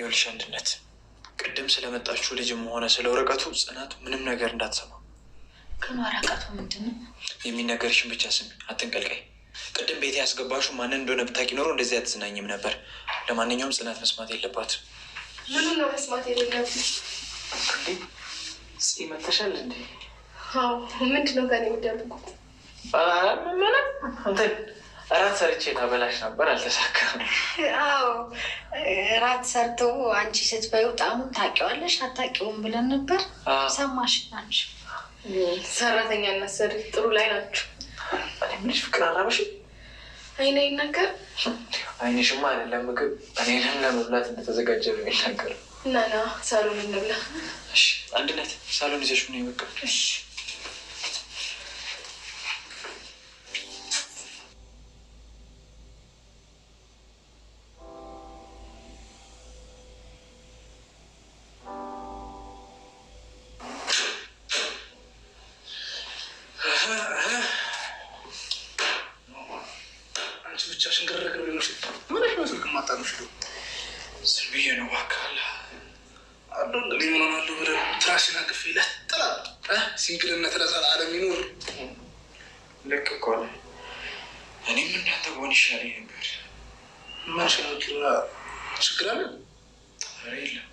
ይኸውልሽ አንድነት ቅድም ስለመጣችሁ ልጅም ሆነ ስለ ወረቀቱ ጽናት ምንም ነገር እንዳትሰማ። ግን ወረቀቱ ምንድን ነው? የሚነገርሽን ብቻ ስሚ፣ አትንቀልቀይ። ቅድም ቤት ያስገባሹ ማንን እንደሆነ ብታውቂ ኖሮ እንደዚህ አትዝናኝም ነበር። ለማንኛውም ጽናት መስማት የለባት። ምኑ ነው መስማት የሌለብኝ? መተሻል እንዴ? ምንድነው ምንድን ነው ጋር የሚደረጉት? እራት ሰርቼ ተበላሽ ነበር፣ አልተሳካም። አዎ እራት ሰርቶ አንቺ ስትበዩ ጣሙን ታውቂዋለሽ አታውቂውም ብለን ነበር። ሰማሽ ናቸው ሰራተኛ እና ሰሪ ጥሩ ላይ ናችሁ። ምንሽ ፍቅር አራበሽ አይነ ይናገር አይንሽማ አይደለም ምግብ እኔንም ለመብላት እንደተዘጋጀ ነው የሚናገር እና ና ሳሎን እንብላ። አንድነት ሳሎን ይዘሽ ምን ይመቀብ ነው ዋካላ አንዱ ሊሆን ብለ ትራሽና ግፍ ይለጥላል። ሲንግልነት ለዛል አለም ይኖር ልክ እኮ ነው። እኔም እንዳንተ በሆን ይሻለኝ ነበር። ማሻኪራ ችግር አለ የለም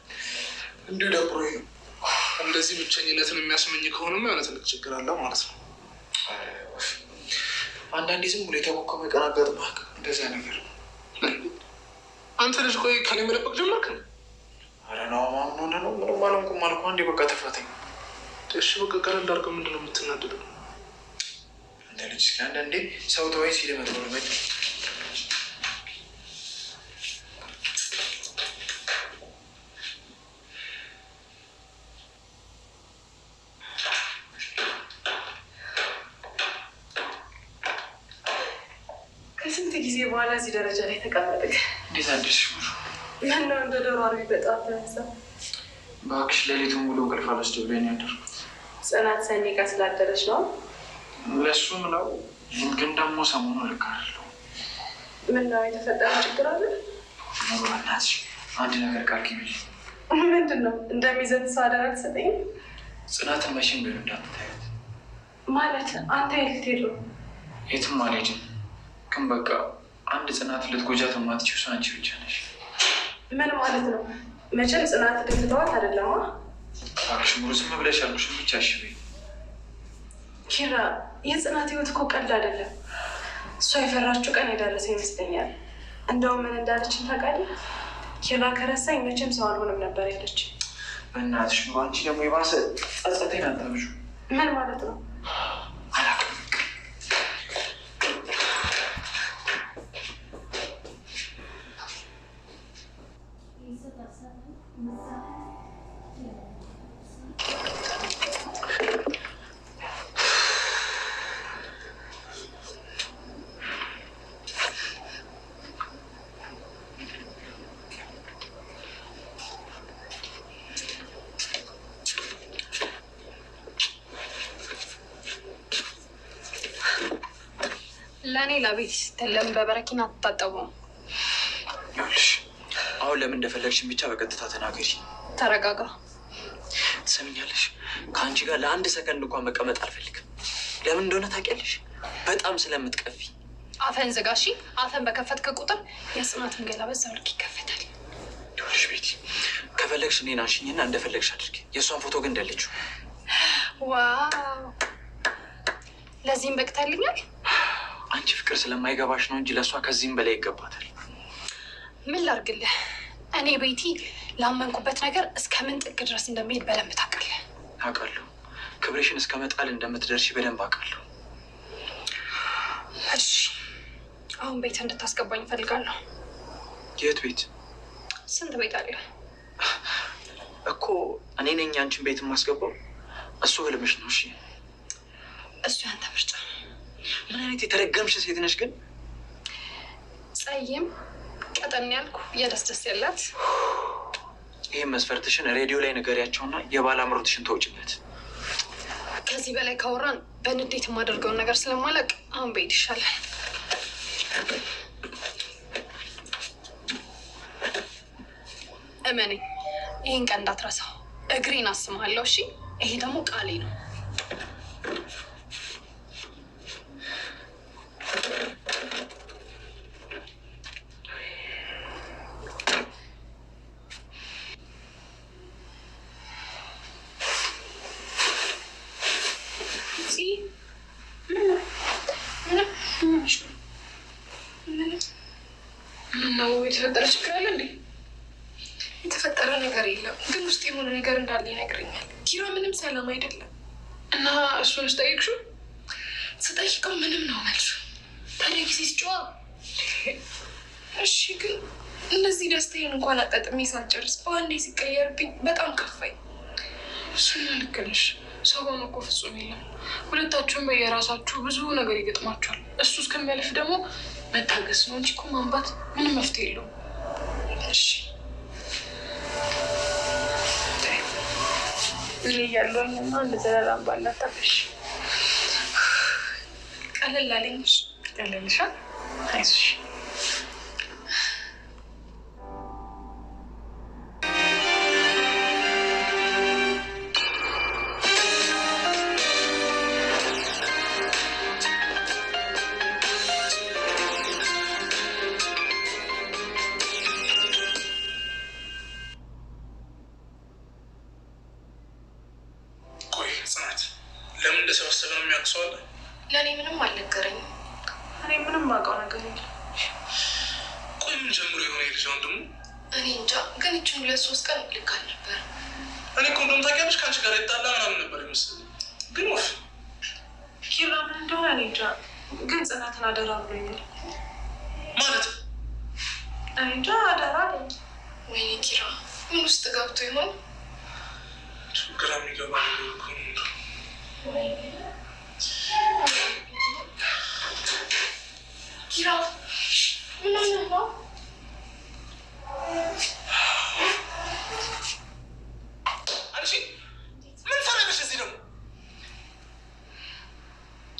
እንዲሁ ደብሮ ነው። እንደዚህ ብቸኝነትን የሚያስመኝ ከሆነ የሆነ ትልቅ ችግር አለው ማለት ነው። አንዳንዴ ዝም ብሎ የተቦከመ ቀናገር እንደዚያ ነገር አንተ ልጅ ቆይ ከኔ መለበቅ ጀመርክ? ኧረ ነው ማን ሆነ ነው ምንም አልሆንኩም አልኩህ። አንዴ በቃ ተፈተኝ። እሺ በቃ ቀረ እንዳልከው ምንድን ነው የምትናደደው? አንተ ልጅ እስኪ አንዳንዴ ሰው ተወይ ሲል መጥሎ መ ከስንት ጊዜ በኋላ እዚህ ደረጃ ላይ ተቀመጠ እንዴት አደርሽ? ምነው እንደ ዶሮ አርቢ በጠዋት ተነሳ? እባክሽ ሌሊቱን ሙሉ እንቅልፍ አልወስድ ብሎኝ ነው ያደርኩት። ጽናት ሰኔ ጋር ስላደረች ነው። ለሱም ነው ግን ደግሞ ሰሞኑ ልክ አይደለሁም። ምነው የተፈጠረ ችግር አለ? በእናትሽ አንድ ነገር ቃል ኪሚ። ምንድን ነው? እንደሚዘን ሰው አደራ አልሰጠኝም። ጽናትን መቼም ቢሆን እንዳትታያት። ማለት አንተ የት ልትሄድ ነው? የትም አልሄድም ግን በቃ አንድ ጽናት ልትጎጃት የማትችይው ሰው አንቺ ብቻ ነሽ። ምን ማለት ነው? መቼም ጽናት ልትተዋት አይደለማ። እባክሽ ሙሉ ዝም ብለሽ ያልኩሽን ብቻ እሺ በይ። ኪራ፣ የጽናት ህይወት እኮ ቀልድ አይደለም። እሷ የፈራችው ቀን የደረሰ ይመስለኛል። እንደውም ምን እንዳለችን ታውቃለህ? ኪራ ከረሳኝ መቼም ሰው አልሆንም ነበር ያለች። በእናትሽ አንቺ ደግሞ የባሰ ጸጸቴን አታብዡ። ምን ማለት ነው? ለእኔ ለቤት ስትል ለምን በበረኪን አትታጠቡም? አሁን ለምን እንደፈለግሽን ብቻ በቀጥታ ተናገሪ። ተረጋጋ። ትሰምኛለሽ? ከአንቺ ጋር ለአንድ ሰከንድ እንኳን መቀመጥ አልፈልግም። ለምን እንደሆነ ታውቂያለሽ? በጣም ስለምትቀፊ። አፈን ዝጋሺ። አፈን በከፈትክ ቁጥር የጽናትን ገላ በዛው ልክ ይከፈታል። ይኸውልሽ ቤቲ፣ ከፈለግሽ እኔን አንሽኝና እንደፈለግሽ አድርጊ። የእሷን ፎቶ ግን እንዳለችው ዋው ለዚህም በቅታልኛል። አንቺ ፍቅር ስለማይገባሽ ነው እንጂ ለእሷ ከዚህም በላይ ይገባታል። ምን ላርግልህ? እኔ ቤቲ ላመንኩበት ነገር እስከ ምን ጥግ ድረስ እንደሚሄድ በደንብ ታውቃለህ። አውቃለሁ። ክብሬሽን እስከ መጣል እንደምትደርሺ በደንብ አውቃለሁ። እሺ፣ አሁን ቤት እንድታስገባኝ እፈልጋለሁ። የት ቤት? ስንት ቤት አለ እኮ። እኔ ነኝ አንቺን ቤት የማስገባው። እሱ ህልምሽ ነው። እሺ፣ እሱ ያንተ ምርጫ። ምን አይነት የተረገምሽ ሴት ነሽ ግን! ጸይም ቀጠን ያልኩ እየደስደስ ያላት ይህም መስፈርትሽን ሬዲዮ ላይ ንገሪያቸውና የባለ አምሮትሽን ተውጭለት። ከዚህ በላይ ካወራን በንዴት የማደርገውን ነገር ስለማለቅ አሁን በሄድ ይሻላል። እመኔ ይህን ቀን እንዳትረሳው። እግሬን አስመሃለሁ። እሺ፣ ይሄ ደግሞ ቃሌ ነው። ምነው የተፈጠረ ችግር አለ እንዴ? የተፈጠረ ነገር የለም፣ ግን ውስጥ የሆነ ነገር እንዳለ ይነግረኛል። ኪራ ምንም ሰላም አይደለም እና እሱን ስጠይቅሽው ስጠይቀው ምንም ነው መልሱ። ታዲያ ጊዜ ሲጨዋ እሺ፣ ግን እነዚህ ደስታዬን እንኳን አጣጥሜ ሳልጨርስ በአንዴ ሲቀየርብኝ በጣም ከፋኝ። እሱን ልክ ነሽ። ሰሞኑን እኮ ፍጹም የለም። ሁለታችሁም በየራሳችሁ ብዙ ነገር ይገጥማችኋል። እሱ እስከሚያልፍ ደግሞ መታገስ ነው እንጂ እኮ ማንባት ምንም መፍትሄ የለውም። እሺ እኔ እያለሁኝማ እንደ ዘላላም ባላታፍሽ ቀለል አለኝ። ቀለልሻ አይዞሽ እንደሰበሰበ ነው የሚያቅሰዋለ። ለእኔ ምንም አልነገረኝ። እኔ ምንም አውቀው ነገር የለም። ቆይ ምን ጀምሮ የሆነ የልጅ ወንድሙ እኔ እንጃ፣ ግን ይችን ሁለት ሶስት ቀን ልካል ነበር። እኔ እኮ እንደውም ታውቂያለሽ ከአንቺ ጋር የጣላ ምናምን ነበር ይመስል። ግን ወፍ ኪራ ምን እንደሆነ እኔ እንጃ፣ ግን ጽናትን አደራ ብሎኛል። ማለት እኔ እንጃ አደራ አለኝ። ወይኔ ኪራ ምን ውስጥ ገብቶ ይሆን? ግራ የሚገባ ነው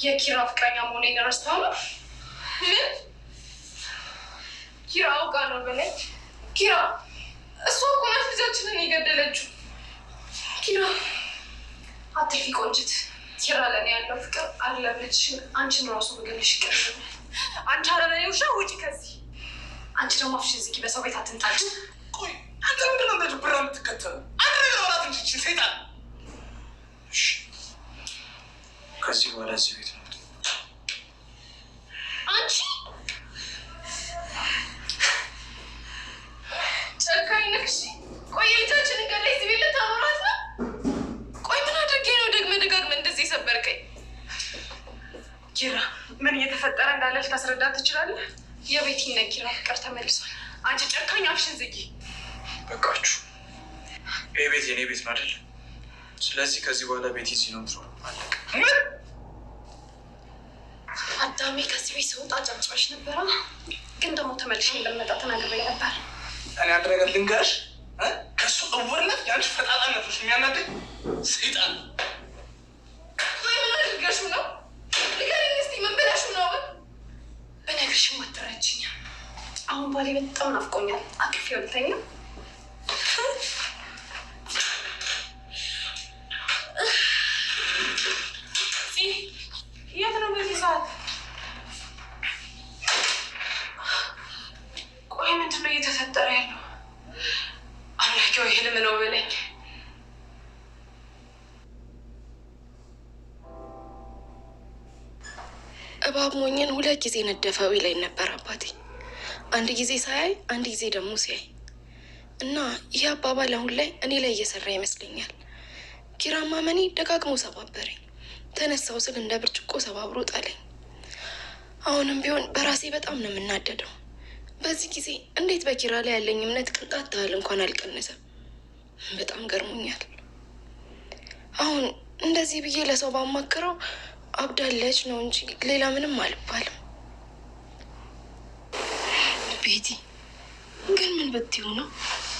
የኪራ ፍቅረኛ መሆኔን ረስተሃል? ነው! ኪራ አውቃ ነው በላይ ኪራ፣ እሷ እኮ ናት ልጃችንን የገደለችው ኪራ አትፊ ቆንጅት። ኪራ ለእኔ ያለው ፍቅር አለ ብልሽን አንቺን ራሱ ወገንሽ ይቀር። አንቺ አረበኔ ውሻ ውጪ ከዚህ። አንቺ ደግሞ አፍሽ ዝጊ፣ በሰው ቤት አትንጣጭ። ቆይ አንተ ምንድን ነው እንደ ድብራ የምትከተሉ? አንድ ነገር አላት እንጂ ሴጣን። ከዚህ በኋላ እዚህ ቤት ነው አንቺ ጨካኝ ነሽ። አድርገሽ ታስረዳት ትችላለህ። የቤቲ ነኪራ ፍቅር ተመልሷል። አንቺ ጨካኝ አፍሽን ዝጊ። በቃችሁ። ይህ ቤት የኔ ቤት ነው አይደል? ስለዚህ ከዚህ በኋላ ቤት እዚህ ነው ምትኖር። አለቀ። አዳሜ ከዚህ ቤት ስወጣ ጨብጫሽ ነበረ፣ ግን ደግሞ ተመልሽ እንደመጣ ተናግሬ ነበር። እኔ አንድ ነገር ልንገርሽ፣ ከእሱ እውርነት የአንቺ ፈጣጣነቶች የሚያናደኝ ሰይጣን ባሌ በጣም ናፍቆኛል። አቅፍ ይወልተኛ የት ነው በዚህ ሰዓት? ቆይ ምንድን ነው እየተፈጠረ ያለው? አምላኬ ወይ ህልም ነው በለኝ። እባብ ሞኝን ሁለት ጊዜ ነደፈው ይለኝ ነበር አባቴ። አንድ ጊዜ ሳያይ አንድ ጊዜ ደግሞ ሲያይ እና ይህ አባባል አሁን ላይ እኔ ላይ እየሰራ ይመስለኛል። ኪራማ መኔ ደጋግሞ ሰባበረኝ። ተነሳው ስል እንደ ብርጭቆ ሰባብሮ ጣለኝ። አሁንም ቢሆን በራሴ በጣም ነው የምናደደው። በዚህ ጊዜ እንዴት በኪራ ላይ ያለኝ እምነት ቅንጣት ታህል እንኳን አልቀነሰም። በጣም ገርሞኛል። አሁን እንደዚህ ብዬ ለሰው ባማክረው አብዳለች ነው እንጂ ሌላ ምንም አልባልም። ቤቲ ግን ምን ብትዩ ነው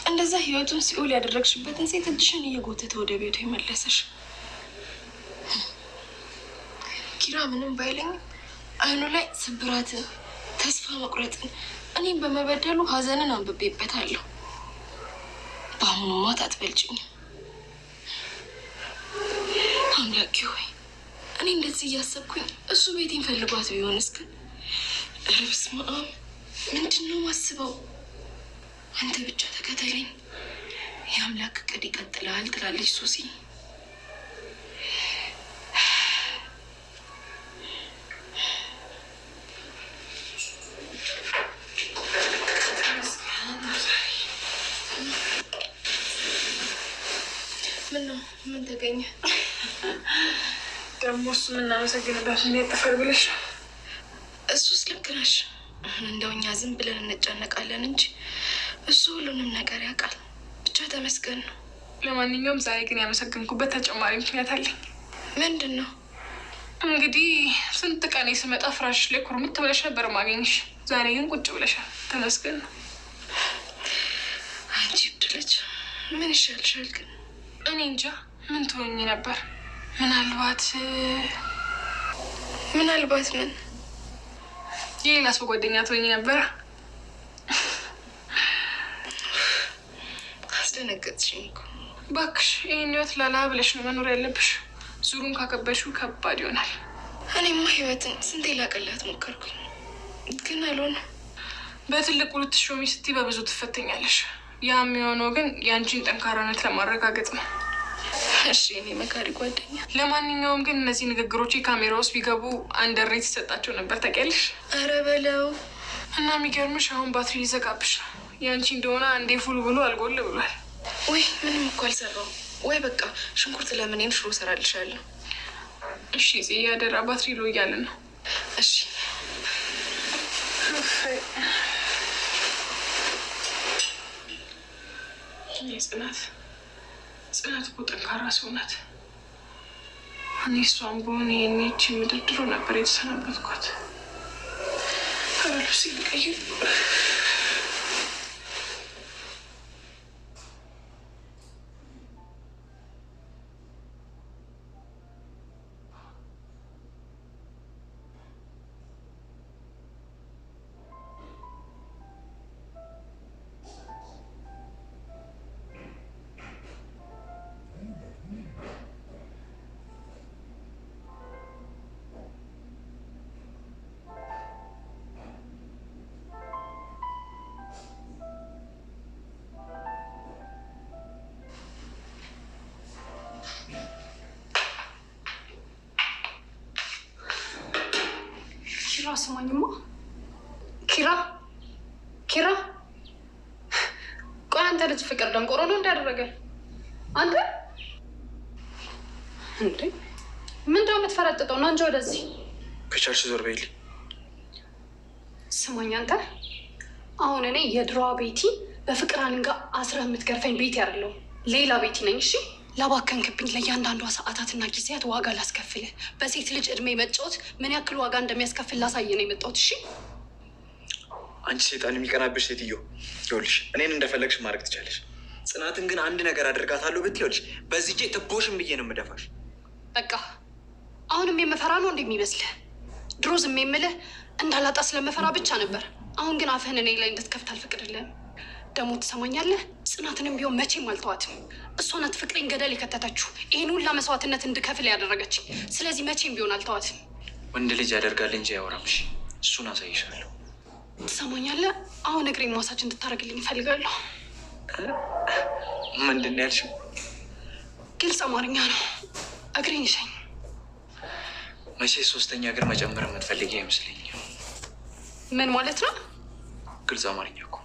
እንደዛ ህይወቱን ሲኦል ያደረግሽበትን ሴት እጅሽን እየጎተተ ወደ ቤቱ የመለሰሽ? ኪራ ምንም ባይለኝም አይኑ ላይ ስብራትን፣ ተስፋ መቁረጥን፣ እኔም በመበደሉ ሀዘንን አንብቤበታለሁ። በአሁኑ ማት አትበልጭኝ አምላኪ ሆይ እኔ እንደዚህ እያሰብኩኝ እሱ ቤቴን ፈልጓት ቢሆንስ ግን ርብስ ምንድን ነው ማስበው? አንተ ብቻ ተከተለኝ፣ የአምላክ እቅድ ይቀጥላል ትላለች ሱሲ። ምነው ምን ተገኘ? ደግሞ እሱ የምናመሰግንበት ምን ጥፍር ብለሽ ነው። እሱስ ልክ ነሽ። እንደው እኛ ዝም ብለን እንጨነቃለን እንጂ እሱ ሁሉንም ነገር ያውቃል። ብቻ ተመስገን ነው። ለማንኛውም ዛሬ ግን ያመሰገንኩበት ተጨማሪ ምክንያት አለኝ። ምንድን ነው? እንግዲህ ስንት ቀን ስመጣ ፍራሽ ላይ ኩርምት ብለሽ ነበር ማገኝሽ። ዛሬ ግን ቁጭ ብለሻል። ተመስገን ነው። አንቺ ብድለች ምን ይሻልሻል? ግን እኔ እንጃ ምን ትሆኝ ነበር? ምናልባት ምናልባት ምን የሌላ ሰው ጓደኛ ትሆኝ ነበረ። አስደነገጥሽኝ እባክሽ። ይህን ህይወት ላላ ብለሽ ነው መኖር ያለብሽ። ዙሩን ካከበድሽው ከባድ ይሆናል። እኔማ ህይወትን ስንቴ ላቀላት ሞከርኩኝ፣ ግን አልሆነም። በትልቁ ልትሾሚ ስትይ በብዙ ትፈተኛለሽ። ያ የሚሆነው ግን የአንቺን ጠንካራነት ለማረጋገጥ ነው። እሺ እኔ መካሪ ጓደኛ። ለማንኛውም ግን እነዚህ ንግግሮች ካሜራ ውስጥ ቢገቡ አንደሬ ሬት ነበር ተቀልሽ ኧረ በለው እና የሚገርምሽ አሁን ባትሪ ይዘጋብሻል። ያንቺ እንደሆነ አንዴ ፉል ብሎ አልጎል ብሏል። ወይ ምንም እኮ አልሰራው። ወይ በቃ ሽንኩርት ለምኔን ሽሮ ሰራልሻለሁ። እሺ ጽ ያደራ ባትሪ ሎ እያለ ነው። እሺ ጽናት ጽናት እኮ ጠንካራ ሰው ናት። እኔ እሷን በሆነ ይህኔች ምድር ድሮ ነበር የተሰናበትኳት። አበሉ ሲል ቀይር ስማኝማ ኪራ ኪራ፣ ቆይ አንተ ልጅ ፍቅር ደንቆሮ ነው እንዳደረገ አንተ እንዴ ምንድን የምትፈረጥጠው? ና እንጂ ወደዚህ ከቻልሽ ዞር በይል። ስማኝ አንተ አሁን እኔ የድሮ ቤቲ በፍቅር አንጋ አስረህ የምትገርፈኝ ቤቲ አይደለሁም ሌላ ቤቲ ነኝ። እሺ ላባከንክብኝ ለእያንዳንዷ ሰዓታትና ጊዜያት ዋጋ ላስከፍል። በሴት ልጅ እድሜ መጫወት ምን ያክል ዋጋ እንደሚያስከፍል ላሳየ ነው የመጣሁት። እሺ አንቺ ሴጣን የሚቀናብሽ ሴትዮ፣ ይኸውልሽ እኔን እንደፈለግሽ ማድረግ ትቻለሽ። ጽናትን ግን አንድ ነገር አደርጋታለሁ ብትይ ይኸውልሽ በዚህ እጄ ትቦሽም ብዬ ነው የምደፋሽ። በቃ አሁንም የምፈራ ነው እንደሚመስልህ? ድሮ ዝም የምልህ እንዳላጣ ስለምፈራ ብቻ ነበር። አሁን ግን አፍህን እኔ ላይ እንድትከፍት አልፈቅድልህም። ደግሞ ትሰማኛለህ፣ ጽናትንም ቢሆን መቼም አልተዋትም። እሷ ናት ፍቅሬን ገደል የከተተችው፣ ይህን ሁላ መስዋዕትነት እንድከፍል ያደረገች። ስለዚህ መቼም ቢሆን አልተዋትም። ወንድ ልጅ ያደርጋል እንጂ አያወራምሽ። እሱን አሳይሻለሁ። ትሰማኛለህ? አሁን እግሬን ማሳጅ እንድታደርግልኝ እፈልጋለሁ። ምንድን ነው ያልሽው? ግልጽ አማርኛ ነው። እግሬን ይሸኝ። መቼ ሶስተኛ እግር መጨመር የምትፈልጊ አይመስለኝም። ምን ማለት ነው? ግልጽ አማርኛ እኮ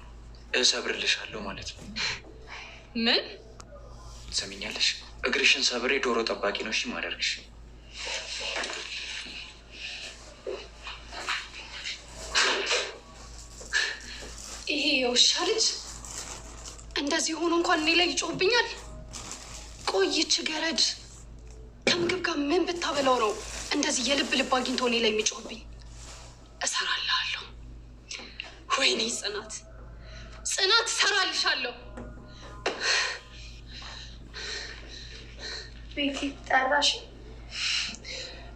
እሰብርልሻለሁ ማለት ነው። ምን ትሰሚኛለሽ? እግርሽን ሰብሬ ዶሮ ጠባቂ ነው እሺ ማደርግሽ። ይሄ የውሻ ልጅ እንደዚህ ሆኖ እንኳን እኔ ላይ ይጮህብኛል። ቆይች ገረድ ከምግብ ጋር ምን ብታበላው ነው እንደዚህ የልብ ልብ አግኝቶ እኔ ላይ የሚጮህብኝ? እሰራልሃለሁ። ወይኔ ጽናት ጽናት ሰራልሻለሁ። ቤት ጠራሽ?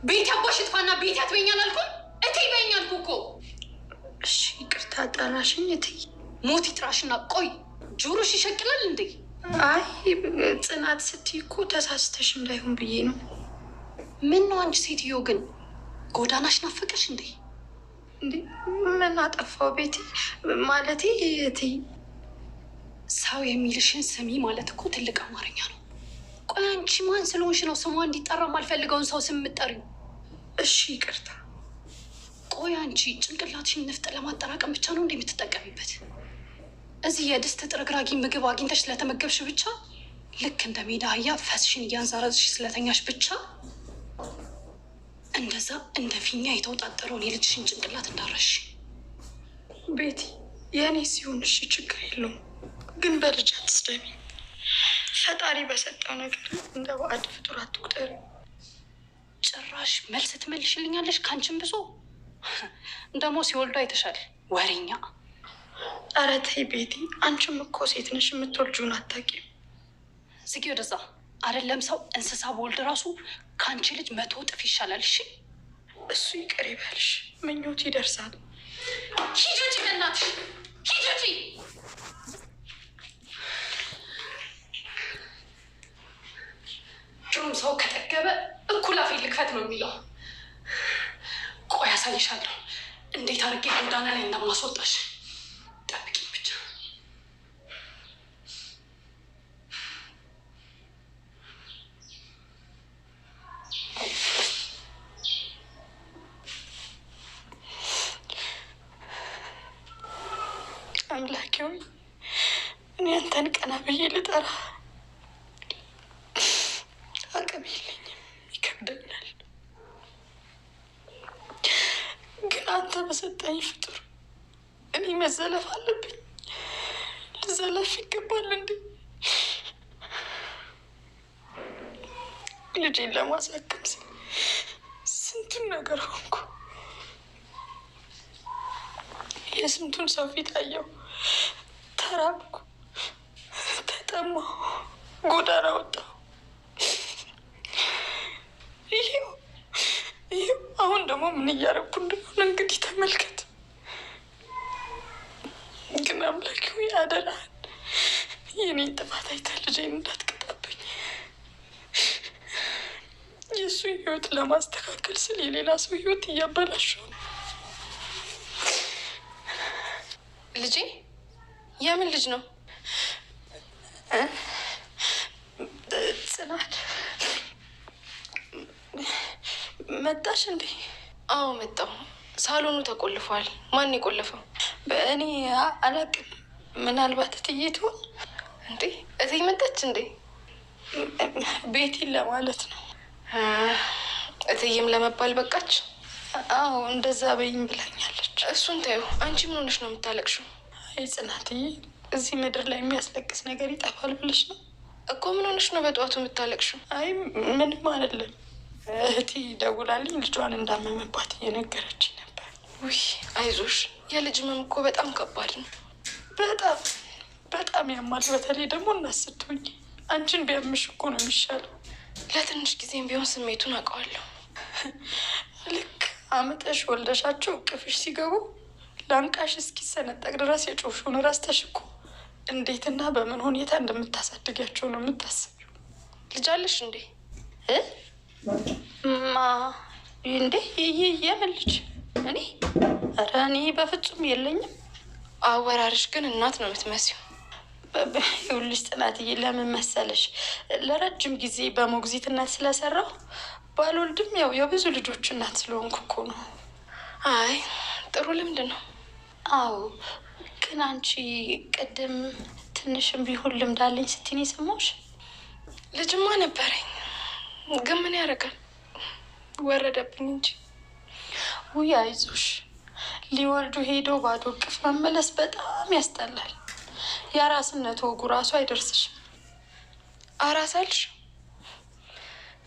ቤት አባሽ እጥፋና ቤት ያትበኛል አልኩ። እቴ በይኝ አልኩ እኮ። እሺ ይቅርታ ጠራሽኝ እቴ ሞት ይጥራሽና ቆይ ጆሮሽ ይሸቅላል እንዴ? አይ ጽናት ስትይ እኮ ተሳስተሽ እንዳይሆን ብዬ ነው። ምን ነው አንቺ ሴትዮ ግን ጎዳናሽ ናፈቀሽ እንዴ? እንዴ ምን አጠፋው ቤቴ ማለቴ እቴ ሰው የሚልሽን ስሚ ማለት እኮ ትልቅ አማርኛ ነው። ቆይ አንቺ ማን ስለሆንሽ ነው ስሟ እንዲጠራ ማልፈልገውን ሰው ስም የምጠሪው? እሺ ይቅርታ። ቆይ አንቺ ጭንቅላትሽን ነፍጥ ለማጠራቀም ብቻ ነው እንደ የምትጠቀሚበት? እዚህ የድስት ጥርግራጊ ምግብ አግኝተሽ ስለተመገብሽ ብቻ ልክ እንደ ሜዳ አህያ ፈስሽን እያንዛረዝሽ ስለተኛሽ ብቻ እንደዛ እንደ ፊኛ የተወጣጠረውን የልጅሽን ጭንቅላት እንዳረሽ ቤቲ የእኔ ሲሆን እሺ ችግር የለውም ግን በልጅ አትስደቢ። ፈጣሪ በሰጠው ነገር እንደ ባዕድ ፍጡር አትቁጠሪ። ጭራሽ መልስ ትመልሽልኛለሽ? ከአንቺም ብዙ ደግሞ ሲወልዱ አይተሻል፣ ወሬኛ። ኧረ ተይ ቤቲ፣ አንቺም እኮ ሴት ነሽ፣ የምትወልጂውን አታውቂም። ዝጊ ወደዛ። አይደለም ሰው እንስሳ በወልድ ራሱ ከአንቺ ልጅ መቶ እጥፍ ይሻላል። እሺ፣ እሱ ይቅር ይበልሽ፣ ምኞት ይደርሳል። ሂጂ ውጪ፣ በእናትሽ ሂጂ ውጪ። አጭሩም ሰው ከጠገበ እኩል አፌን ልክፈት ነው የሚለው። ቆይ አሳይሻለሁ እንዴት አድርጌ ጎዳና ላይ እንደማስወጣሽ። ጠብቂ ብቻ። አምላኬ ሆይ እኔ አንተን ቀና ብዬ ልጠራ ለማሳከም ስንቱን ነገር ሆንኩ። የስንቱን ሰው ፊት አየው። ተራብኩ፣ ተጠማሁ፣ ጎዳና ወጣሁ። ይሄው ይሄው አሁን ደግሞ ምን እያደረኩ እንደሆነ እንግዲህ ተመልከት። ግን አምላኪ አደራህን የኔን ጥፋት አይተህ ልጄን ህይወት ለማስተካከል ስል የሌላ ሰው ህይወት እያበላሸው ነው። ልጄ የምን ልጅ ነው? ጽናት መጣሽ እንዴ? አዎ መጣሁ። ሳሎኑ ተቆልፏል። ማን የቆለፈው? በእኔ አላቅም። ምናልባት እትዬ ትሆን እንዴ? መጣች እንዴ? ቤቲን ለማለት ነው። እትዬም ለመባል በቃች። አዎ እንደዛ በይኝ ብላኛለች። እሱን ታዩ። አንቺ ምን ሆነሽ ነው የምታለቅሽው? አይ ጽናትዬ፣ እዚህ ምድር ላይ የሚያስለቅስ ነገር ይጠፋል ብለሽ ነው እኮ። ምን ሆነሽ ነው በጠዋቱ የምታለቅሽው? አይ ምንም አይደለም። እህቴ ደውላልኝ ልጇን እንዳመመባት እየነገረች ነበር። ውይ አይዞሽ፣ የልጅ ህመም እኮ በጣም ከባድ ነው። በጣም በጣም ያማል። በተለይ ደግሞ እናስትሆኝ አንቺን ቢያምሽ እኮ ነው የሚሻለው። ለትንሽ ጊዜም ቢሆን ስሜቱን አውቀዋለሁ። ልክ አመጠሽ ወልደሻቸው እቅፍሽ ሲገቡ ላንቃሽ እስኪሰነጠቅ ድረስ የጮሹን ራስ ተሽኮ እንዴትና በምን ሁኔታ እንደምታሳድጊያቸው ነው የምታስቢው። ልጃለሽ እንዴ? ማ እንዴ? የምን ልጅ እኔ? ኧረ እኔ በፍጹም የለኝም። አወራርሽ ግን እናት ነው የምትመስዩ። ይኸውልሽ ጥናትዬ ለምን መሰለሽ ለረጅም ጊዜ በሞግዚትነት ስለሰራው ባልወልድም ያው የብዙ ልጆች እናት ስለሆንኩ እኮ ነው። አይ ጥሩ ልምድ ነው። አዎ ግን አንቺ ቅድም ትንሽም ቢሆን ልምድ አለኝ ስትኔ ሰማሽ። ልጅማ ነበረኝ ግን ምን ያደርጋል ወረደብኝ እንጂ። ውይ አይዞሽ፣ ሊወልዱ ሄዶ ባዶ እቅፍ መመለስ በጣም ያስጠላል። የአራስነት ወጉ ራሱ አይደርስሽም። አራሳልሽ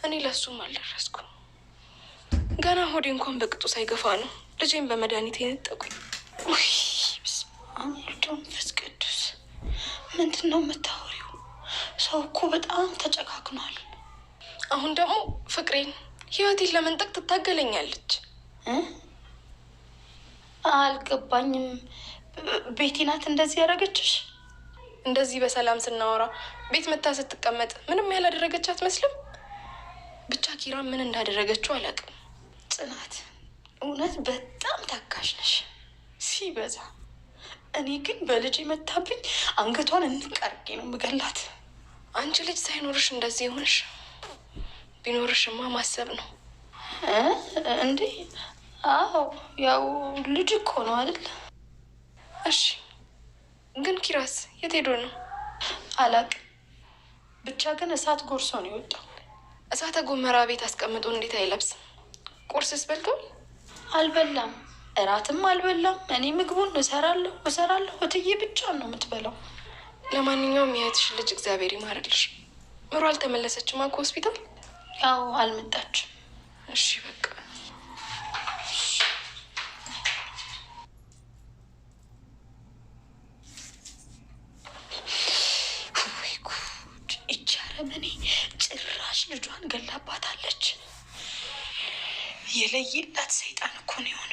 እኔ ለሱም አልደረስኩ ገና ሆዴ እንኳን በቅጡ ሳይገፋ ነው ልጄን በመድኃኒት የነጠቁኝ። አምልዶ መንፈስ ቅዱስ ምንድን ነው የምታወሪው? ሰው እኮ በጣም ተጨካክኗል። አሁን ደግሞ ፍቅሬን ህይወቴን ለመንጠቅ ትታገለኛለች። አልገባኝም። ቤቲ ናት እንደዚህ ያደረገችሽ? እንደዚህ በሰላም ስናወራ ቤት መታ ስትቀመጥ ምንም ያላደረገች አትመስልም። ብቻ ኪራ ምን እንዳደረገችው አላውቅም። ጽናት እውነት በጣም ታጋሽ ነሽ ሲበዛ። እኔ ግን በልጅ የመታብኝ አንገቷን እንቃርጌ ነው ምገላት። አንቺ ልጅ ሳይኖርሽ እንደዚህ የሆንሽ ቢኖርሽማ ማሰብ ነው እንዴ? አዎ ያው ልጅ እኮ ነው አይደል? እሺ ግን ኪራስ የት ሄዶ ነው? አላቅ ብቻ ግን እሳት ጎርሶ ነው የወጣው። እሳተ ጎመራ ቤት አስቀምጦ እንዴት አይለብስም? ቁርስስ በልቷል? አልበላም። እራትም አልበላም። እኔ ምግቡን እሰራለሁ እሰራለሁ። እትዬ ብቻ ነው የምትበላው። ለማንኛውም የእህትሽ ልጅ እግዚአብሔር ይማርልሽ። ምሮ አልተመለሰችም ሆስፒታል ያው አልመጣችም። እሺ በቃ የለየላት ሰይጣን እኮ ነው የሆነ